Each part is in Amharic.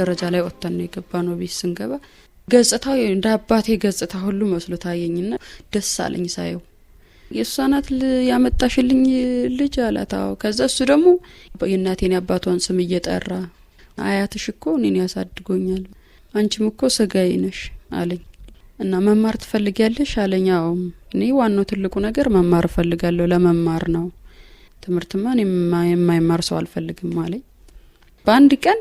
ደረጃ ላይ ወጥተን ነው የገባ ነው ቤት ስንገባ ገጽታው እንደ አባቴ ገጽታ ሁሉ መስሎ ታየኝና ደስ አለኝ ሳየው። የእሷ ናት ያመጣሽልኝ ልጅ አላት። አዎ። ከዛ እሱ ደግሞ የእናቴን የአባቷን ስም እየጠራ አያትሽ እኮ እኔን ያሳድጎኛል፣ አንቺም እኮ ስጋዬ ነሽ አለኝ እና መማር ትፈልጊያለሽ አለኝ። አዎ። እኔ ዋናው ትልቁ ነገር መማር እፈልጋለሁ፣ ለመማር ነው ትምህርትማ የማይማር ሰው አልፈልግም አለኝ። በአንድ ቀን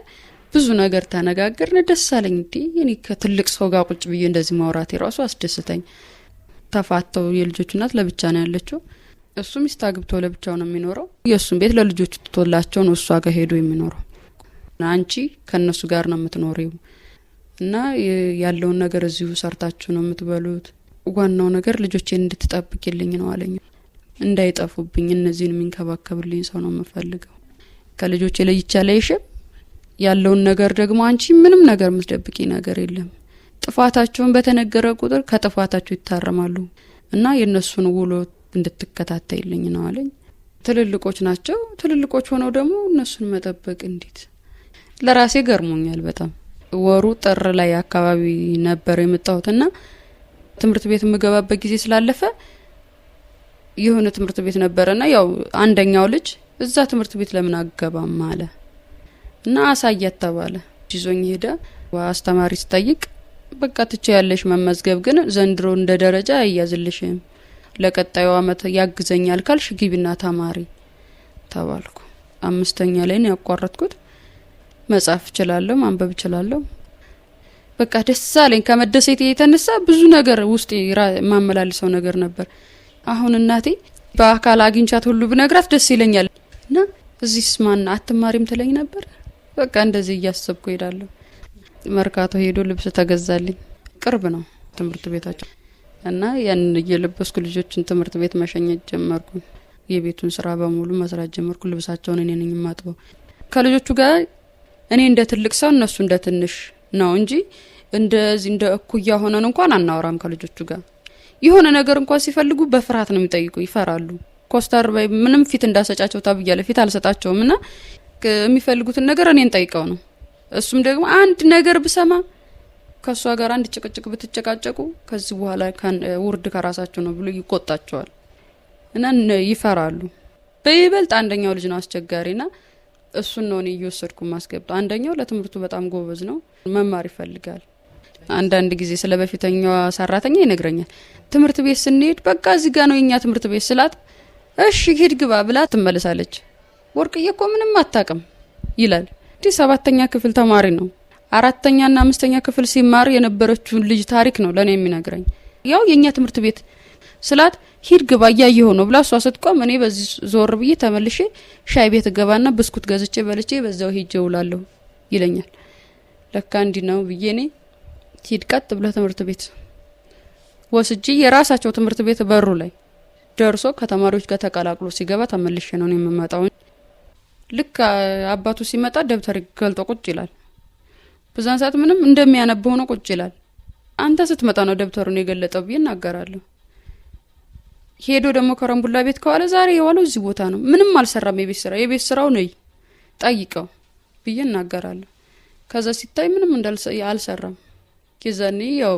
ብዙ ነገር ተነጋገርን። ደስ አለኝ። እንዲ እኔ ከትልቅ ሰው ጋር ቁጭ ብዬ እንደዚህ ማውራቴ ራሱ አስደስተኝ። ተፋተው የልጆቹ እናት ለብቻ ነው ያለችው። እሱ ሚስት አግብቶ ለብቻው ነው የሚኖረው። የእሱን ቤት ለልጆቹ ትቶላቸው ነው እሷ ጋር ሄዶ የሚኖረው። አንቺ ከእነሱ ጋር ነው የምትኖሪው እና ያለውን ነገር እዚሁ ሰርታችሁ ነው የምትበሉት። ዋናው ነገር ልጆቼን እንድትጠብቅልኝ ነው አለኝ። እንዳይጠፉብኝ እነዚህን የሚንከባከብልኝ ሰው ነው የምፈልገው። ከልጆቼ ለይቻ ላይ ያለውን ነገር ደግሞ አንቺ ምንም ነገር የምትደብቂ ነገር የለም። ጥፋታቸውን በተነገረ ቁጥር ከጥፋታቸው ይታረማሉ እና የእነሱን ውሎ እንድትከታተይልኝ ነው አለኝ። ትልልቆች ናቸው። ትልልቆች ሆነው ደግሞ እነሱን መጠበቅ እንዴት ለራሴ ገርሞኛል በጣም። ወሩ ጥር ላይ አካባቢ ነበር የመጣሁትና ትምህርት ቤት የምገባበት ጊዜ ስላለፈ የሆነ ትምህርት ቤት ነበረና ያው አንደኛው ልጅ እዛ ትምህርት ቤት ለምን አገባም አለ። እና አሳያት ተባለ። ይዞኝ ሄደ። አስተማሪ ስጠይቅ በቃ ትቼ ያለሽ መመዝገብ ግን ዘንድሮ እንደ ደረጃ አያዝልሽም፣ ለቀጣዩ አመት ያግዘኛል ካልሽ ግቢና ተማሪ ተባልኩ። አምስተኛ ላይ ነው ያቋረጥኩት። መጻፍ እችላለሁ፣ ማንበብ እችላለሁ። በቃ ደስ አለኝ። ከመደሰቴ የተነሳ ብዙ ነገር ውስጥ የማመላልሰው ነገር ነበር። አሁን እናቴ በአካል አግኝቻት ሁሉ ብነግራት ደስ ይለኛል እና እዚህ ስማና አትማሪም ትለኝ ነበር በቃ እንደዚህ እያሰብኩ ሄዳለሁ። መርካቶ ሄዶ ልብስ ተገዛልኝ። ቅርብ ነው ትምህርት ቤታቸው እና ያንን እየለበስኩ ልጆችን ትምህርት ቤት መሸኘት ጀመርኩ። የቤቱን ስራ በሙሉ መስራት ጀመርኩ። ልብሳቸውን እኔ ነኝ የማጥበው። ከልጆቹ ጋር እኔ እንደ ትልቅ ሰው እነሱ እንደ ትንሽ ነው እንጂ እንደዚህ እንደ እኩያ ሆነን እንኳን አናወራም ከልጆቹ ጋር። የሆነ ነገር እንኳን ሲፈልጉ በፍርሃት ነው የሚጠይቁ፣ ይፈራሉ። ኮስተር በይ ምንም ፊት እንዳሰጫቸው ታብያለ ፊት አልሰጣቸውም እና የሚፈልጉትን ነገር እኔን ጠይቀው ነው። እሱም ደግሞ አንድ ነገር ብሰማ ከእሷ ጋር አንድ ጭቅጭቅ ብትጨቃጨቁ ከዚህ በኋላ ውርድ ከራሳቸው ነው ብሎ ይቆጣቸዋል እና ይፈራሉ። በይበልጥ አንደኛው ልጅ ነው አስቸጋሪና እሱን ነው እኔ እየወሰድኩ ማስገብጠው። አንደኛው ለትምህርቱ በጣም ጎበዝ ነው፣ መማር ይፈልጋል። አንዳንድ ጊዜ ስለ በፊተኛዋ ሰራተኛ ይነግረኛል። ትምህርት ቤት ስንሄድ በቃ እዚህ ጋ ነው የኛ ትምህርት ቤት ስላት፣ እሺ ሂድ ግባ ብላ ትመልሳለች። ወርቅዬ እኮ ምንም አታውቅም ይላል። እንዲህ ሰባተኛ ክፍል ተማሪ ነው። አራተኛና አምስተኛ ክፍል ሲማር የነበረችውን ልጅ ታሪክ ነው ለእኔ የሚነግረኝ። ያው የእኛ ትምህርት ቤት ስላት ሂድ ግባ እያየሁ ነው ብላ እሷ ስትቆም እኔ በዚህ ዞር ብዬ ተመልሼ ሻይ ቤት ገባና ብስኩት ገዝቼ በልቼ በዛው ሂጄ እውላለሁ ይለኛል። ለካ እንዲህ ነው ብዬ እኔ ሂድ ቀጥ ብለ ትምህርት ቤት ወስጄ የራሳቸው ትምህርት ቤት በሩ ላይ ደርሶ ከተማሪዎች ጋር ተቀላቅሎ ሲገባ ተመልሼ ነው የምመጣው። ልክ አባቱ ሲመጣ ደብተር ገልጦ ቁጭ ይላል። በዛን ሰዓት ምንም እንደሚያነብ ሆኖ ቁጭ ይላል። አንተ ስትመጣ ነው ደብተሩን የገለጠው ብዬ እናገራለሁ። ሄዶ ደግሞ ከረምቡላ ቤት ከዋለ ዛሬ የዋለው እዚህ ቦታ ነው፣ ምንም አልሰራም የቤት ስራ የቤት ስራው ነይ ጠይቀው ብዬ እናገራለሁ። ከዛ ሲታይ ምንም አልሰራም። የዛኔ ያው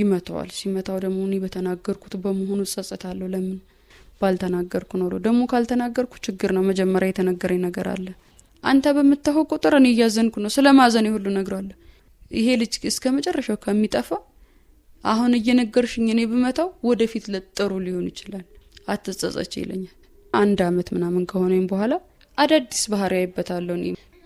ይመተዋል። ሲመታው ደግሞ እኔ በተናገርኩት በመሆኑ እጸጸታለሁ ለምን ባልተናገርኩ ኖሮ ደግሞ ካልተናገርኩ ችግር ነው። መጀመሪያ የተነገረኝ ነገር አለ። አንተ በምታኸው ቁጥር እኔ እያዘንኩ ነው። ስለ ማዘን ሁሉ እነግረዋለሁ። ይሄ ልጅ እስከ መጨረሻው ከሚጠፋ አሁን እየነገርሽኝ እኔ ብመታው ወደፊት ለጠሩ ሊሆን ይችላል፣ አትጸጸች ይለኛል። አንድ አመት ምናምን ከሆነኝ በኋላ አዳዲስ ባህሪ ያይበታለሁ።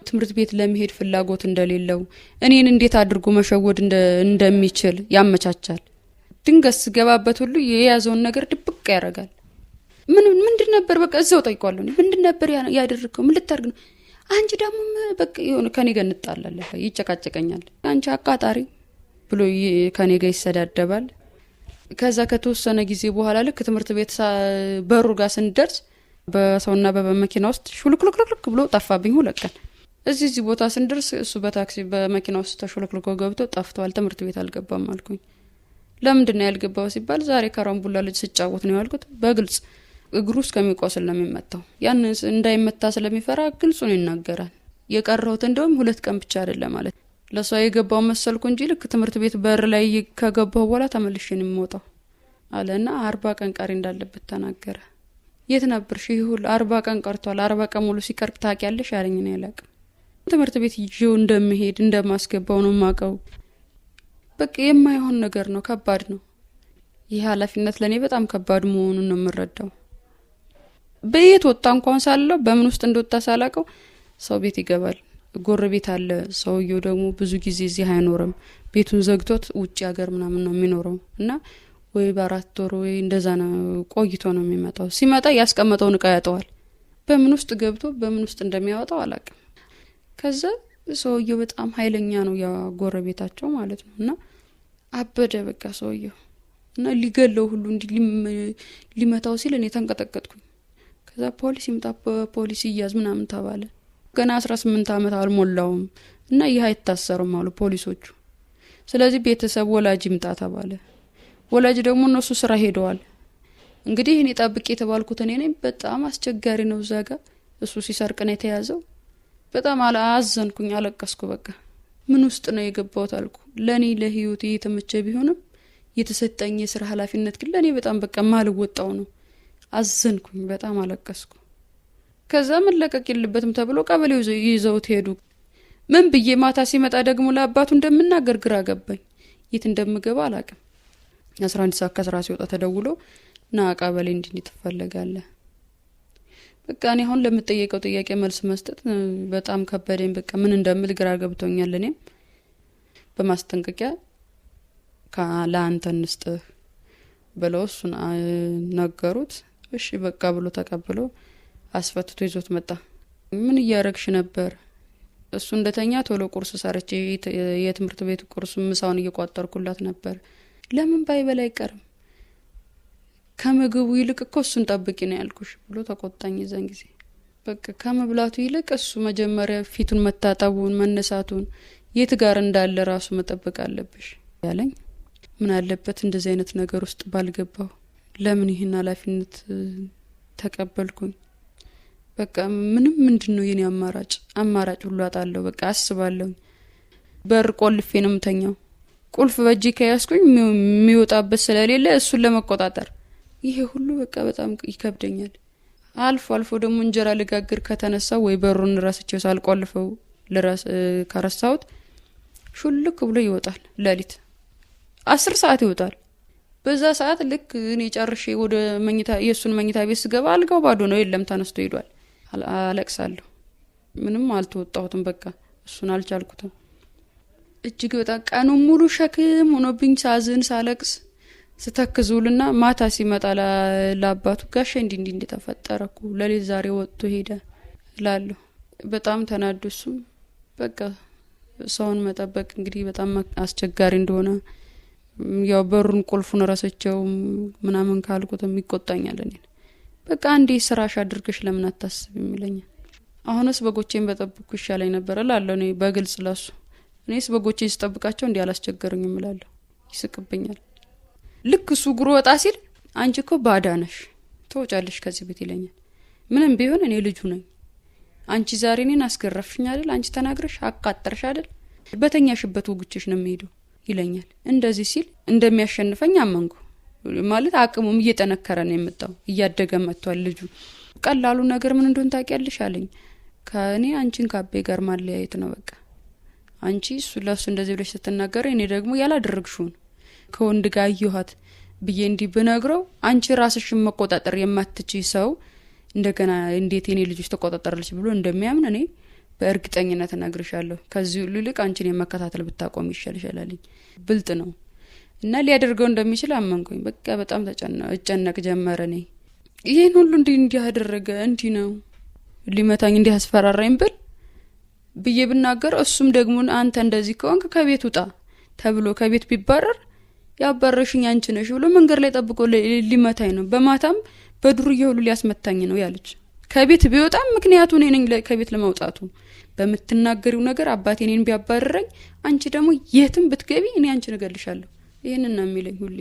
ትምህርት ቤት ለመሄድ ፍላጎት እንደሌለው እኔን እንዴት አድርጎ መሸወድ እንደሚችል ያመቻቻል። ድንገት ስገባበት ሁሉ የያዘውን ነገር ድብቅ ያደርጋል። ምን ምንድን ነበር በቃ እዛው ጠይቋለሁ። ምንድን ነበር ያደረግከው? ምን ልታደርግ ነው? አንቺ ደግሞ በቃ የሆነ ከኔ ጋር እንጣላለ ይጨቃጨቀኛል። አንቺ አቃጣሪ ብሎ ከኔ ጋር ይሰዳደባል። ከዛ ከተወሰነ ጊዜ በኋላ ልክ ትምህርት ቤት በሩ ጋር ስንደርስ በሰውና በመኪና ውስጥ ሹልክልክልክ ብሎ ጠፋብኝ። ሁለቀን እዚህ እዚህ ቦታ ስንደርስ እሱ በታክሲ በመኪና ውስጥ ተሹልክልኮ ገብቶ ጠፍተዋል። ትምህርት ቤት አልገባም አልኩኝ። ለምንድን ነው ያልገባው ሲባል ዛሬ ከረምቡላ ልጅ ስጫወት ነው ያልኩት በግልጽ እግሩ እስከሚቆስል ነው የሚመታው። ያን እንዳይመታ ስለሚፈራ ግልጹን ይናገራል። የቀረሁት እንደውም ሁለት ቀን ብቻ አይደለም ማለት ለእሷ የገባው መሰልኩ እንጂ ልክ ትምህርት ቤት በር ላይ ከገባሁ በኋላ ተመልሼ ነው አለ አለና አርባ ቀን ቀሪ እንዳለበት ተናገረ። የት ነበርሽ? ይሁል አርባ ቀን ቀርቷል። አርባ ቀን ሙሉ ሲቀርቅ ታውቂያለሽ ያለኝ ነው ያለቅ ትምህርት ቤት ይዤው እንደምሄድ እንደማስገባው ነው የማውቀው። በቃ የማይሆን ነገር ነው። ከባድ ነው። ይህ ኃላፊነት ለእኔ በጣም ከባድ መሆኑን ነው የምረዳው። በየት ወጣ እንኳን ሳለው በምን ውስጥ እንደወጣ ሳላቀው ሰው ቤት ይገባል። ጎር ቤት አለ። ሰውየው ደግሞ ብዙ ጊዜ እዚህ አይኖርም። ቤቱን ዘግቶት ውጭ ሀገር ምናምን ነው የሚኖረው እና ወይ በአራት ወር ወይ እንደዛ ነው ቆይቶ ነው የሚመጣው። ሲመጣ ያስቀመጠውን እቃ ያጠዋል። በምን ውስጥ ገብቶ በምን ውስጥ እንደሚያወጣው አላቅም። ከዛ ሰውየው በጣም ሀይለኛ ነው ያ ቤታቸው ማለት ነው እና አበደ በቃ ሰውየው እና ሊገለው ሁሉ እንዲ ሊመታው ሲል እኔ ተንቀጠቀጥኩኝ። ከዛ ፖሊስ ይምጣ ፖሊስ እያዝ ምናምን ተባለ። ገና አስራ ስምንት ዓመት አልሞላውም እና ይህ አይታሰርም አሉ ፖሊሶቹ። ስለዚህ ቤተሰብ ወላጅ ይምጣ ተባለ። ወላጅ ደግሞ እነሱ ስራ ሄደዋል። እንግዲህ እኔ ጠብቅ የተባልኩት እኔ ነኝ። በጣም አስቸጋሪ ነው። እዛ ጋ እሱ ሲሰርቅ ነው የተያዘው። በጣም አዘንኩኝ፣ አለቀስኩ። በቃ ምን ውስጥ ነው የገባሁት አልኩ። ለእኔ ለህይወት የተመቸ ቢሆንም የተሰጠኝ የስራ ኃላፊነት ግን ለእኔ በጣም በቃ ማልወጣው ነው። አዘንኩኝ፣ በጣም አለቀስኩ። ከዛ መለቀቅ የለበትም ተብሎ ቀበሌው ይዘውት ሄዱ። ምን ብዬ ማታ ሲመጣ ደግሞ ለአባቱ እንደምናገር ግራ ገባኝ። የት እንደምገባ አላቅም። አስራ አንድ ሰዓት ከስራ ሲወጣ ተደውሎ ና ቀበሌ እንዲህ ትፈለጋለህ። በቃ እኔ አሁን ለምጠየቀው ጥያቄ መልስ መስጠት በጣም ከበደኝ። በቃ ምን እንደምል ግራ ገብቶኛል። እኔም በማስጠንቀቂያ ለአንተ እንስጥህ ብለው እሱን ነገሩት። እሺ በቃ ብሎ ተቀብሎ አስፈትቶ ይዞት መጣ። ምን እያረግሽ ነበር? እሱ እንደተኛ ቶሎ ቁርስ ሰርቼ የትምህርት ቤት ቁርስ ምሳውን እየቋጠርኩላት ነበር። ለምን ባይበላ አይቀርም? ከምግቡ ይልቅ እኮ እሱን ጠብቂ ነው ያልኩሽ ብሎ ተቆጣኝ። የዛን ጊዜ በቃ ከመብላቱ ይልቅ እሱ መጀመሪያ ፊቱን መታጠቡን መነሳቱን የት ጋር እንዳለ ራሱ መጠበቅ አለብሽ ያለኝ። ምን አለበት እንደዚህ አይነት ነገር ውስጥ ባልገባው ለምን ይህን ኃላፊነት ተቀበልኩኝ? በቃ ምንም ምንድን ነው የኔ አማራጭ? አማራጭ ሁሉ አጣለሁ። በቃ አስባለሁኝ። በር ቆልፌ ነው የምተኛው። ቁልፍ በእጄ ከያስኩኝ የሚወጣበት ስለሌለ እሱን ለመቆጣጠር ይሄ ሁሉ በቃ በጣም ይከብደኛል። አልፎ አልፎ ደግሞ እንጀራ ልጋግር ከተነሳው ወይ በሩን ረስቼው ሳልቆልፈው ከረሳሁት ሹልክ ብሎ ይወጣል። ለሊት አስር ሰዓት ይወጣል። በዛ ሰዓት ልክ እኔ ጨርሼ ወደ መኝታ የእሱን መኝታ ቤት ስገባ አልጋው ባዶ ነው፣ የለም ተነስቶ ሄዷል። አለቅሳለሁ። ምንም አልተወጣሁትም። በቃ እሱን አልቻልኩትም። እጅግ በጣም ቀኑ ሙሉ ሸክም ሆኖብኝ ሳዝን፣ ሳለቅስ ስተክዙልና ማታ ሲመጣ ለአባቱ ጋሼ እንዲ እንዲ እንደተፈጠረኩ ለሌት ዛሬ ወጥቶ ሄደ ላለሁ በጣም ተናዶ እሱም በቃ ሰውን መጠበቅ እንግዲህ በጣም አስቸጋሪ እንደሆነ ያው በሩን ቁልፉን ረሰቸው ምናምን ካልኩትም ይቆጣኛል። እኔ በቃ አንዴ ስራሽ አድርገሽ ለምን አታስብ ይለኛል። አሁንስ በጎቼን በጠብኩ ይሻለኝ ነበረ እላለሁ እኔ በግልጽ ለሱ። እኔስ በጎቼን ስጠብቃቸው እንዲህ አላስቸገሩኝ ይምላለሁ ይስቅብኛል። ልክ እሱ ጉሮ ወጣ ሲል አንቺ እኮ ባዳ ነሽ ተወጫለሽ ከዚህ ቤት ይለኛል። ምንም ቢሆን እኔ ልጁ ነኝ። አንቺ ዛሬ እኔን አስገረፍሽኝ አይደል? አንቺ ተናግረሽ አቃጠርሽ አይደል? በተኛሽበት ውግችሽ ነው የሚሄደው ይለኛል። እንደዚህ ሲል እንደሚያሸንፈኝ አመንኩ። ማለት አቅሙም እየጠነከረ ነው የመጣው፣ እያደገ መጥቷል ልጁ። ቀላሉ ነገር ምን እንደሆን ታውቂያለሽ አለኝ። ከእኔ አንቺን ከአቤ ጋር ማለያየት ነው በቃ። አንቺ እሱ ለሱ እንደዚህ ብለሽ ስትናገረ እኔ ደግሞ ያላደረግሽውን ከወንድ ጋር አየኋት ብዬ እንዲህ ብነግረው አንቺ ራስሽን መቆጣጠር የማትች ሰው እንደገና እንዴት የኔ ልጆች ተቆጣጠራለች ብሎ እንደሚያምን እኔ በእርግጠኝነት እነግርሻለሁ። ከዚህ ሁሉ ይልቅ አንቺን የመከታተል ብታቆም ይሻልሻላል። ብልጥ ነው እና ሊያደርገው እንደሚችል አመንኩኝ። በቃ በጣም ተጨና እጨነቅ ጀመረ። እኔ ይህን ሁሉ እንዲ እንዲህ አደረገ እንዲ ነው ሊመታኝ እንዲህ አስፈራራኝ ብል ብዬ ብናገር እሱም ደግሞ አንተ እንደዚህ ከሆንክ ከቤት ውጣ ተብሎ ከቤት ቢባረር ያባረሽኝ አንቺ ነሽ ብሎ መንገድ ላይ ጠብቆ ሊመታኝ ነው። በማታም በዱር እየሁሉ ሊያስመታኝ ነው ያለች ከቤት ቢወጣም ምክንያቱ እኔ ነኝ ከቤት ለመውጣቱ። በምትናገሪው ነገር አባቴ እኔን ቢያባረረኝ፣ አንቺ ደግሞ የትም ብትገቢ እኔ አንቺ እገልሻለሁ። ይህንን ነው የሚለኝ ሁሌ።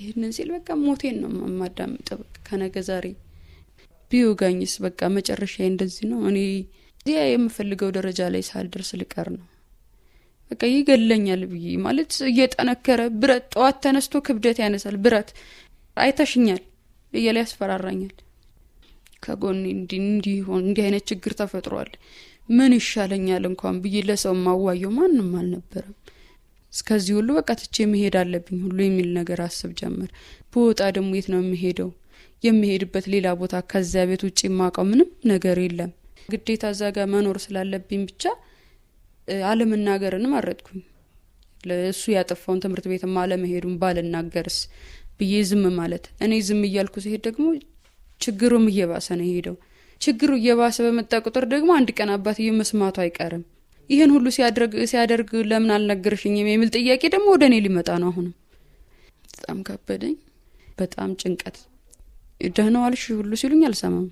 ይህንን ሲል በቃ ሞቴን ነው የማዳምጥ። ከነገ ዛሬ ቢወጋኝስ በቃ መጨረሻ እንደዚህ ነው። እኔ እዚያ የምፈልገው ደረጃ ላይ ሳልደርስ ልቀር ነው በቃ ይገለኛል ብዬ ማለት እየጠነከረ ብረት ጠዋት ተነስቶ ክብደት ያነሳል ብረት አይተሽኛል እያለ ያስፈራራኛል። ከጎን እንዲሆን እንዲህ አይነት ችግር ተፈጥሯል፣ ምን ይሻለኛል እንኳን ብዬ ለሰው ማዋየው ማንም አልነበረም። እስከዚህ ሁሉ በቃ ትቼ መሄድ አለብኝ ሁሉ የሚል ነገር አስብ ጀመር። በወጣ ደግሞ የት ነው የምሄደው? የምሄድበት ሌላ ቦታ ከዚያ ቤት ውጭ የማውቀው ምንም ነገር የለም። ግዴታ እዛ ጋር መኖር ስላለብኝ ብቻ አለመናገርን አረጥኩኝ ለእሱ ያጠፋውን ትምህርት ቤትም አለመሄዱን ባልናገርስ ብዬ ዝም ማለት። እኔ ዝም እያልኩ ሲሄድ ደግሞ ችግሩም እየባሰ ነው የሄደው። ችግሩ እየባሰ በመጣ ቁጥር ደግሞ አንድ ቀን አባትዬ መስማቱ አይቀርም። ይህን ሁሉ ሲያደርግ ለምን አልነገርሽኝም የሚል ጥያቄ ደግሞ ወደ እኔ ሊመጣ ነው። አሁንም በጣም ከበደኝ። በጣም ጭንቀት። ደህና ዋልሽ ሁሉ ሲሉኝ አልሰማም።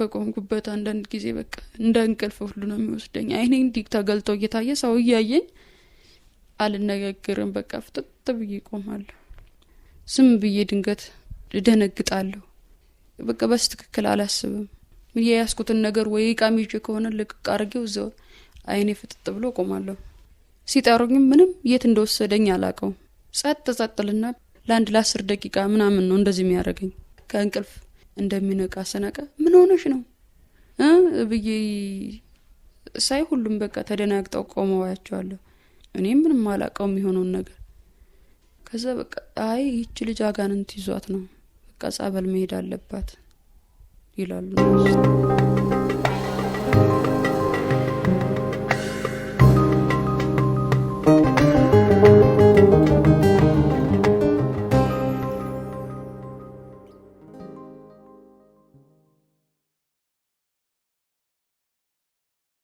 በቆምኩበት አንዳንድ ጊዜ በቃ እንደ እንቅልፍ ሁሉ ነው የሚወስደኝ። አይኔ እንዲህ ተገልጦ እየታየ ሰው እያየኝ አልነጋገርም። በቃ ፍጥጥ ብዬ ቆማለሁ። ዝም ብዬ ድንገት እደነግጣለሁ። በቃ በስ ትክክል አላስብም። ያስኩትን ነገር ወይ ቃሚ ከሆነ ልቅቅ አርጌው እዛው አይኔ ፍጥጥ ብሎ ቆማለሁ። ሲጠሩኝም ምንም የት እንደወሰደኝ አላቀው ጸጥ ጸጥልና ለአንድ ለአስር ደቂቃ ምናምን ነው እንደዚህ የሚያደርገኝ። ከእንቅልፍ እንደሚነቃ ስነቃ ምን ሆነሽ ነው ብዬ ሳይ ሁሉም በቃ ተደናግጠው ቆመዋያቸዋለሁ አያቸዋለሁ። እኔም ምንም አላቀው የሚሆነውን ነገር ከዛ በቃ አይ ይቺ ልጅ አጋንንት ይዟት ነው በቃ መሄድ አለባት ይላሉ።